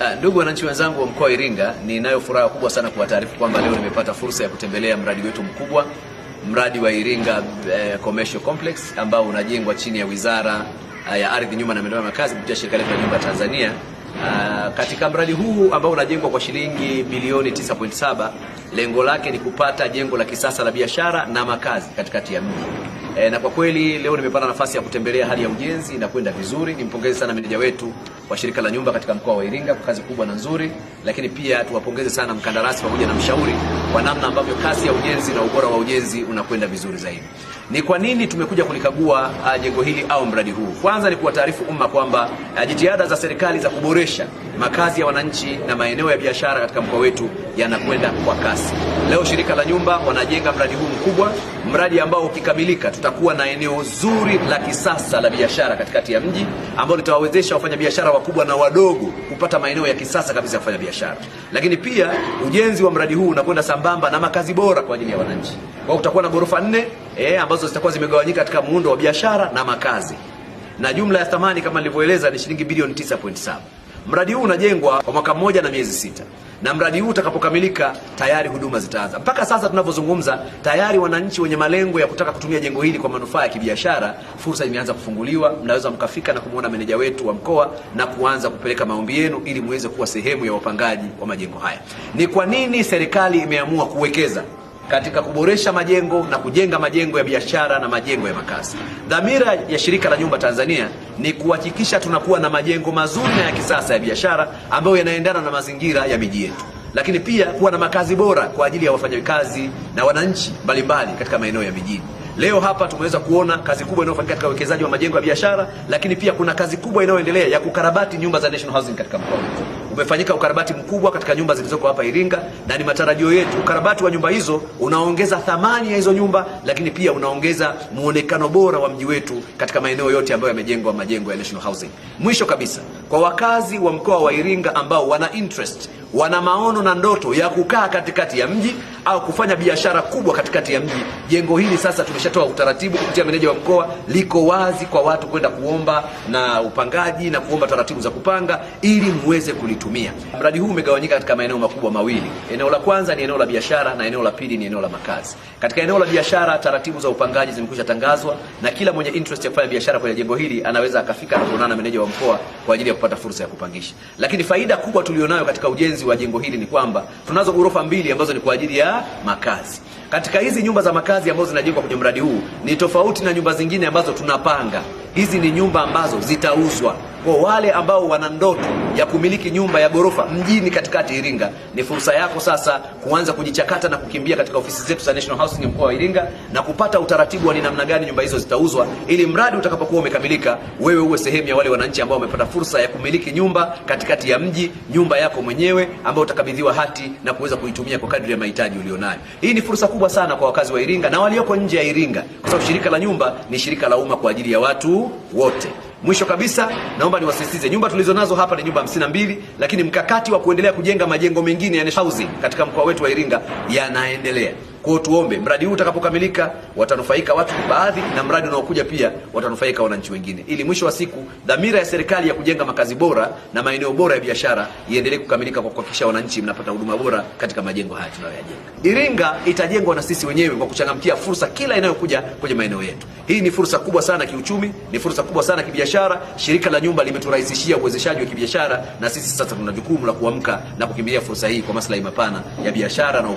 Ah, ndugu wananchi wenzangu wa mkoa wa Iringa, ninayo furaha kubwa sana kuwataarifu kwamba leo nimepata fursa ya kutembelea mradi wetu mkubwa, mradi wa Iringa eh, Commercial Complex ambao unajengwa chini ya Wizara ah, ya Ardhi, Nyumba na Maendeleo ya Makazi kupitia Shirika la Nyumba Tanzania. Ah, katika mradi huu ambao unajengwa kwa shilingi bilioni 9.7, lengo lake ni kupata jengo la kisasa la biashara na makazi katikati ya mji. E, na kwa kweli leo nimepata nafasi ya kutembelea hali ya ujenzi na kwenda vizuri. Nimpongeze sana meneja wetu wa shirika la nyumba katika mkoa wa Iringa kwa kazi kubwa na nzuri, lakini pia tuwapongeze sana mkandarasi pamoja na mshauri kwa namna ambavyo kazi ya ujenzi na ubora wa ujenzi unakwenda vizuri zaidi. Ni kwa nini tumekuja kulikagua ah, jengo hili au mradi huu? Kwanza ni kuwataarifu umma kwamba ah, jitihada za serikali za kuboresha makazi ya wananchi na maeneo ya biashara katika mkoa wetu yanakwenda kwa kasi. Leo shirika la nyumba wanajenga mradi huu mkubwa mradi ambao ukikamilika tutakuwa na eneo zuri la kisasa la biashara katikati ya mji ambao litawawezesha wafanyabiashara wakubwa na wadogo kupata maeneo ya kisasa kabisa ya kufanya biashara. Lakini pia ujenzi wa mradi huu unakwenda sambamba na makazi bora kwa ajili ya wananchi. Kwa hiyo kutakuwa na ghorofa nne eh, ambazo zitakuwa zimegawanyika katika muundo wa biashara na makazi, na jumla ya thamani kama nilivyoeleza ni shilingi bilioni 9.7. Mradi huu unajengwa kwa mwaka mmoja na miezi sita na mradi huu utakapokamilika tayari huduma zitaanza. Mpaka sasa tunavyozungumza, tayari wananchi wenye malengo ya kutaka kutumia jengo hili kwa manufaa ya kibiashara, fursa imeanza kufunguliwa. Mnaweza mkafika na kumwona meneja wetu wa mkoa na kuanza kupeleka maombi yenu ili muweze kuwa sehemu ya wapangaji wa majengo haya. Ni kwa nini serikali imeamua kuwekeza katika kuboresha majengo na kujenga majengo ya biashara na majengo ya makazi. Dhamira ya shirika la nyumba Tanzania ni kuhakikisha tunakuwa na majengo mazuri na ya kisasa ya biashara ambayo yanaendana na mazingira ya miji yetu, lakini pia kuwa na makazi bora kwa ajili ya wafanyakazi na wananchi mbalimbali katika maeneo ya mijini. Leo hapa tumeweza kuona kazi kubwa inayofanyika katika uwekezaji wa majengo ya biashara, lakini pia kuna kazi kubwa inayoendelea ya kukarabati nyumba za National Housing katika mkoa wetu. Umefanyika ukarabati mkubwa katika nyumba zilizoko hapa Iringa, na ni matarajio yetu ukarabati wa nyumba hizo unaongeza thamani ya hizo nyumba, lakini pia unaongeza muonekano bora wa mji wetu katika maeneo yote ambayo yamejengwa majengo ya National Housing. Mwisho kabisa, kwa wakazi wa mkoa wa Iringa ambao wana interest wana maono na ndoto ya kukaa katikati ya mji au kufanya biashara kubwa katikati ya mji. Jengo hili sasa tumeshatoa utaratibu kupitia meneja wa mkoa, liko wazi kwa watu kwenda kuomba na upangaji na kuomba taratibu za kupanga ili muweze kulitumia. Mradi huu umegawanyika katika maeneo makubwa mawili. Eneo la kwanza ni eneo la biashara na eneo la pili ni eneo la makazi. Katika eneo la biashara, taratibu za upangaji zimekwisha tangazwa na kila mwenye interest ya kufanya biashara kwenye jengo hili anaweza akafika na kuonana na meneja wa mkoa kwa ajili ya kupata fursa ya kupangisha. Lakini faida kubwa tulionayo katika ujenzi wa jengo hili ni kwamba tunazo ghorofa mbili ambazo ni kwa ajili ya makazi. Katika hizi nyumba za makazi ambazo zinajengwa kwenye mradi huu ni tofauti na nyumba zingine ambazo tunapanga. Hizi ni nyumba ambazo zitauzwa. Kwa wale ambao wana ndoto ya kumiliki nyumba ya ghorofa mjini katikati Iringa, ni fursa yako sasa kuanza kujichakata na kukimbia katika ofisi zetu za National Housing mkoa wa Iringa na kupata utaratibu wa ni namna gani nyumba hizo zitauzwa, ili mradi utakapokuwa umekamilika, wewe uwe sehemu ya wale wananchi ambao wamepata fursa ya kumiliki nyumba katikati ya mji, nyumba yako mwenyewe ambayo utakabidhiwa hati na kuweza kuitumia kwa kadri ya mahitaji ulionayo. Hii ni fursa kubwa sana kwa wakazi wa Iringa na walioko nje ya Iringa, kwa sababu shirika la nyumba ni shirika la umma kwa ajili ya watu wote. Mwisho kabisa, naomba niwasisitize nyumba tulizonazo hapa ni nyumba mbili, lakini mkakati wa kuendelea kujenga majengo mengine yani housing katika mkoa wetu wa Iringa yanaendelea. Kwa hiyo tuombe mradi huu utakapokamilika, watanufaika watu baadhi, na mradi unaokuja pia watanufaika wananchi wengine, ili mwisho wa siku dhamira ya serikali ya kujenga makazi bora na maeneo bora ya biashara iendelee kukamilika kwa kuhakikisha wananchi mnapata huduma bora katika majengo haya tunayoyajenga. Iringa itajengwa na sisi wenyewe kwa kuchangamkia fursa kila inayokuja kwenye maeneo yetu. Hii ni fursa kubwa sana kiuchumi, ni fursa kubwa sana kibiashara. Shirika la Nyumba limeturahisishia uwezeshaji wa kibiashara, na sisi sasa tuna jukumu la kuamka na kukimbilia fursa hii kwa maslahi mapana ya biashara na